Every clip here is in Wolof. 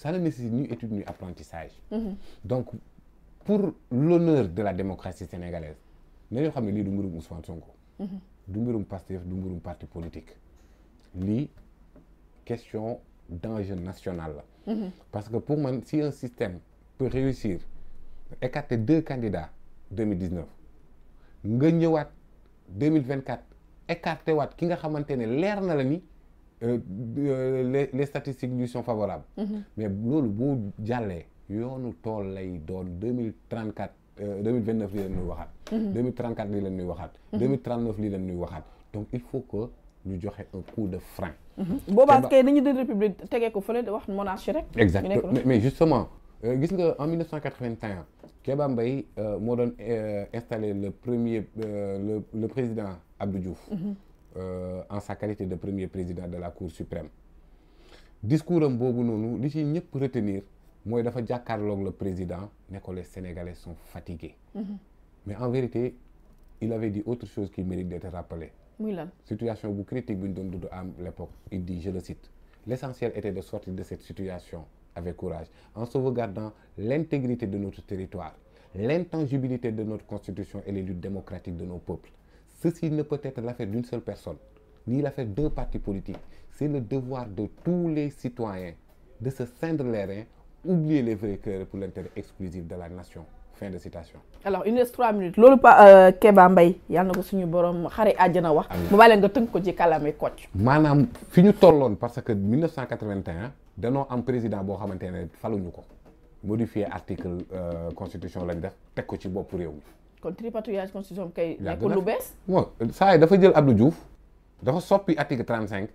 ça ne nécessite étude ni apprentissage. Mhm. donc pour l'honneur de la démocratie sénégalaise nañoo xam ne lii du mbirum Ousmane Sonko. Mhm. du mbirum Pastef du mbirum parti politique lii question d'enjeu national la. Mhm. parce que pour man si un système peut réussir écarter deux candidats 2019 nga ñëwaat 2024 écarter waat ki nga xamante ne leer na la ni. Euh, euh, les les statistiques lui sont favorables. Mm-hmm. mais loolu bu jàllee yoonu tool lay doon deux mille trente quatre euh, deux mille vingt neuf lii leen nuy waxaat. Mm-hmm. deux mille trente quatre lii leen nuy mm-hmm. lii leen nuy donc il faut que ñu joxe un coup de frein. boobaa kay dañu di république tegee ko fële wax monarchie rek. exact gis nga en 1981 Kéba moo doon installé le premier le le président Abdou Diouf. Euh, en sa qualité de premier président de la cour suprême discours am boobu noonu li ci ñëpp retenir mooy dafa jàkkaarloog le président ne ko les sénégalais sont fatigués. Mhm. mais en vérité il avait di autre chose qui mérite d'être rappelée. situation bu critique bi ñu doon dund à l'époque il dit je le cite l'essentiel était de sortir de cette situation avec courage en sauvegardant l'intégrité de notre territoire l'intangibilité de notre constitution et les luttes démocratiques de nos peuples Ceci ne peut être l'affaire d'une seule personne, ni l'affaire d'un parti politique. C'est le devoir de tous les citoyens de se ceindre les reins, oublier les vrais cœurs pour l'intérêt exclusif de la nation. Fin de citation. Alors, il nous reste trois minutes. loolu pa euh, Keba yal na ko suñu borom xare àjjana wax. mu bàyyi leen nga tënk ko ci kàllaamay kocc. maanaam fi ñu tolloon parce que 1981 danoo am président boo xamante ne ñu ko modifier article euh, constitution lañ def teg ko ci bopp réew kon tripatouillage constitution kay. nekkul lu bees. bon saa yi dafa jël Abdou Diouf dafa soppi article trente cinq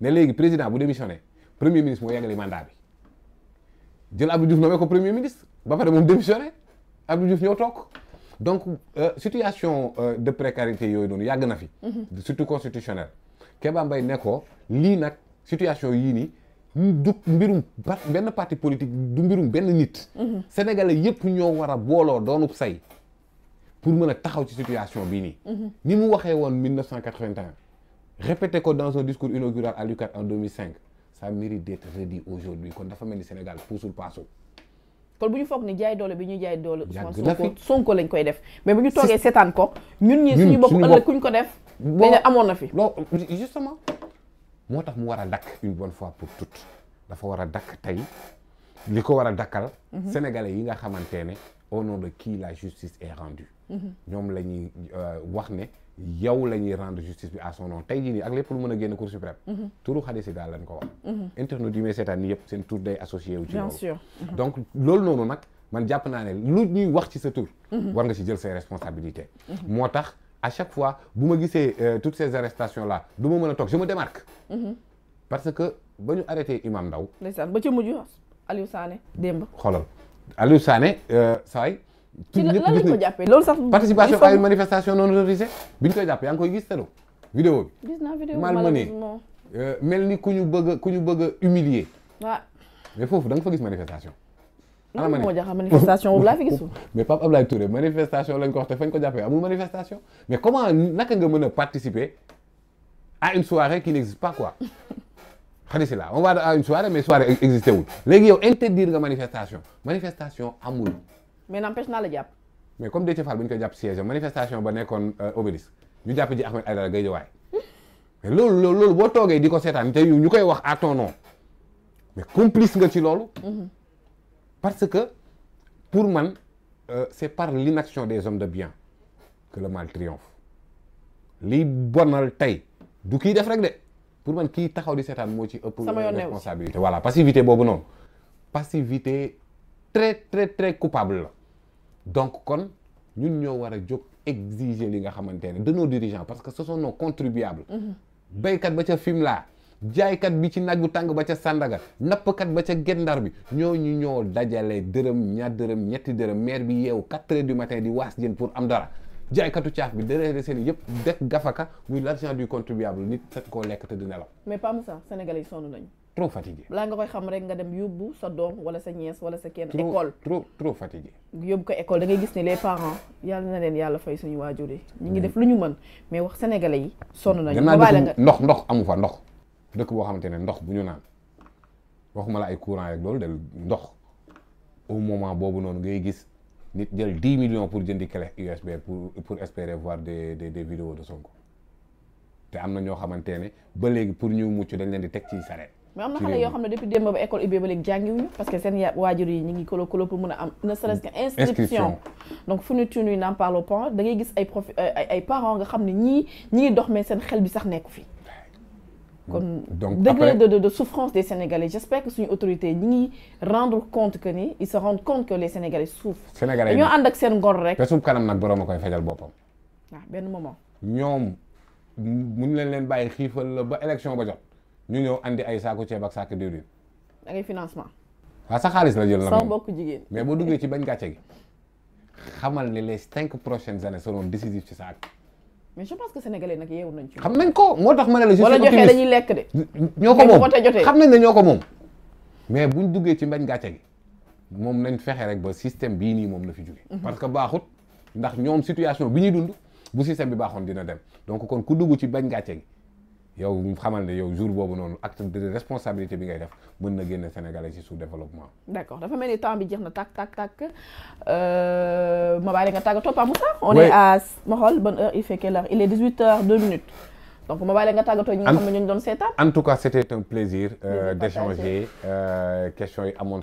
ne léegi président bu démissionné premier ministre moo yeggali mandat bi jël Abdou Diouf ko premier ministre ba pare moom démissionné Abdou Diouf ñëw toog donc euh, situation euh, de précarité yooyu noonu yàgg na fi. Mhm. surtout constitutionnel. Kéba Mbaye ne ko lii nag situation yii nii. du mbirum benn parti politique du mbirum benn nit. Mhm. sénégalais yëpp ñëw war a booloo doonub say. pour mën a taxaw ci situation bii nii. Mhm. ni mu waxee woon répété ko dans son discours inaugural à l'UCAD en 2005 ça mérite d'être redit aujourd'hui kon dafa mel ni Sénégal puusul paasul. kon bu ñu foog ni jaay doole bi ñuy jaay doole. Sonko Sonko lañ koy def. mais bu ñu toogee seetaan ko. ñun ñii suñu bopp ëllëg kuñ ko def. boo justement moo tax mu war a dakk une bonne fois pour toutes dafa war a dakk tey li ko war a dakkal. Mhm. sénégalais yi nga xamante au nom de qui la justice est rendue. Mhm. ñoom la ñuy euh, wax ne yow la ñuy rendre justice bi à son nom tey nii ak lépp lu mën a génn cour suprême. Mhm. turu Khady Sida lañ ko wax. Mhm. internet yi may seetaan nii loolu bien sûr donc jàpp naa ne lu ñuy wax ci sa tur. war nga ci jël ses responsabilités. moo tax a chaque fois bu ma gisee euh, toutes ces arrestations la du ma mën a toog je me démarque. parce que ba ñu arrêté Imam Ndao ndeysaan ba ca mujj Aliou Sané démb. Aliou Sané euh, saa yi. ci lan lañ jàppee loolu sax. participation à une manifestation noonu autorisée bi ñu koy jàppee yaa koy gis te vidéo bi. gis naa vidéo euh, mel ni ku ñu bëgg ku ñu bëgg a humilier. waaw foofu da nga gis manifestation. ana ma moo jaxal manifestation boobu laa fi gisul. mais Pape Abdoulaye Touré manifestation lañ ko wax te fañ ko jàppee amul manifestation mais comment naka nga mën a participer à une soirée qui n'existe pas quoi. Khady là on va à une soirée mais soirée existé amul. mais n'empêche naa la jàpp. mais comme Déthié Fall bu ñu koy jàpp siège manifestation ba nekkoon euh, Obélisque ñu jàpp ji Ahmed Aïdara Guédiawaye mais loolu loolu boo toogee di ko seetaan te ñu koy wax à ton nom mais complice nga ci loolu. Mhm. parce que pour man euh, c'est par l'inaction des hommes de bien que le mal triomphe liy bonal tey du def rek de. pour man kii taxaw di seetaan moo ci ëpp responsabilité voilà passivité boobu noonu passivité très très très coupable la donc kon ñun ñoo war a jóg exiger li nga xamante ne de nos parce que ce on nos contribuables mhm. béykat ba ca Fimela jaaykat bi ci naaj bu tàng ba ca Sandaga nappkat ba ca Gendar bi ñu ñoo dajale dërëm ñaar dërëm ñetti dërëm maire bi yeewu quatre heures du matin di waas jën pour am dara jaaykatu caaf bi de seen yëpp def gafaka muy l'argent du contribuable nit fekk koo lekk te di nelaw. mais Pa Moussa sénégalais yi sonn nañu. trop fatigué balaa nga koy xam rek nga dem yóbbu sa doom wala sa ñees wala sa kenn école trop trop yóbbu ko école da ngay gis ne les parents yàlla na leen yàlla fay suñu waajur yi ñu ngi mm. def lu ñu mën mais wax sénégalais yi sonn nañu nga ndox ndox amu fa ndox dëkk boo xamante ne ndox bu ñu naan waxuma la ay courant rek loolu del ndox au moment boobu noonu ngay gis nit jël dix millions pour jëndi clé USB pour pour voir des des des de Sonko te am na ñoo xamante ne ba léegi pour ñu mucc dañ leen di teg ci sareet. mais am na xale yoo xam ne depuis démb ba école ubbee ba léegi jàngiwuñu parce que seen waajur yi ñu ngi kolo kolo pour mën a am ne serait-ce que inscription donc fu ñu tuuti n'en parlons pas da ngay gis ay prof ay parents nga xam ne ñii ñi ngi dox mais seen xel bi sax nekku fi kon degré de, de, de souffrance des Sénégalais j'espère que suñu autorité ñi ngi rendre compte que ni ils se rendent compte que les Sénégalais souffrent Sénégalais ñoo ak seen ngor rek te suuf kanam nag borom a koy fajal boppam waaw ah, benn moment ñoom muñ leen leen bàyyi xiifal la ba élection ba jot ñu ñëw andi ay saaku ceeb ak saako diwlin da ngay financement waaw ah, sa xaalis la jël la sa mbokk jigéen mais boo duggee ci bañ gàcce gi xamal ne les cinq prochaines années seront décisives ci sa mais je pense que sénégalais nag yeewu nañ ci. xam nañ ko moo tax ma ne la. je suis optimiste wala joxe lekk de. ñoo ko moom xam nañ ne ñoo ko moom. mais buñ duggee ci mbañ gàcce gi moom nañ fexe rek ba système bii nii moom la fi jugee mhm. parce que baaxut ndax ñoom situation bi ñuy dund bu système bi baaxoon dina dem donc kon ku dugg ci bañ gàcce gi yow xamal ne yow jour boobu noonu acte de responsabilité bi ngay def mën na génn Sénégalais ci sous développement. d'accord dafa mel ni temps bi jeex na tàkk tàkk tàkk euh, ma bàyyi la nga tàggatoo Pa Moussa. on est à ma xool bonne heure il fait quelle heure il est 18 heures 2 minutes. donc ma bàyyi nga tàggatoo ñi nga xam ne ñu doon seetaan. en tout cas c'était un plaisir. Euh, d'échanger euh, yi amoon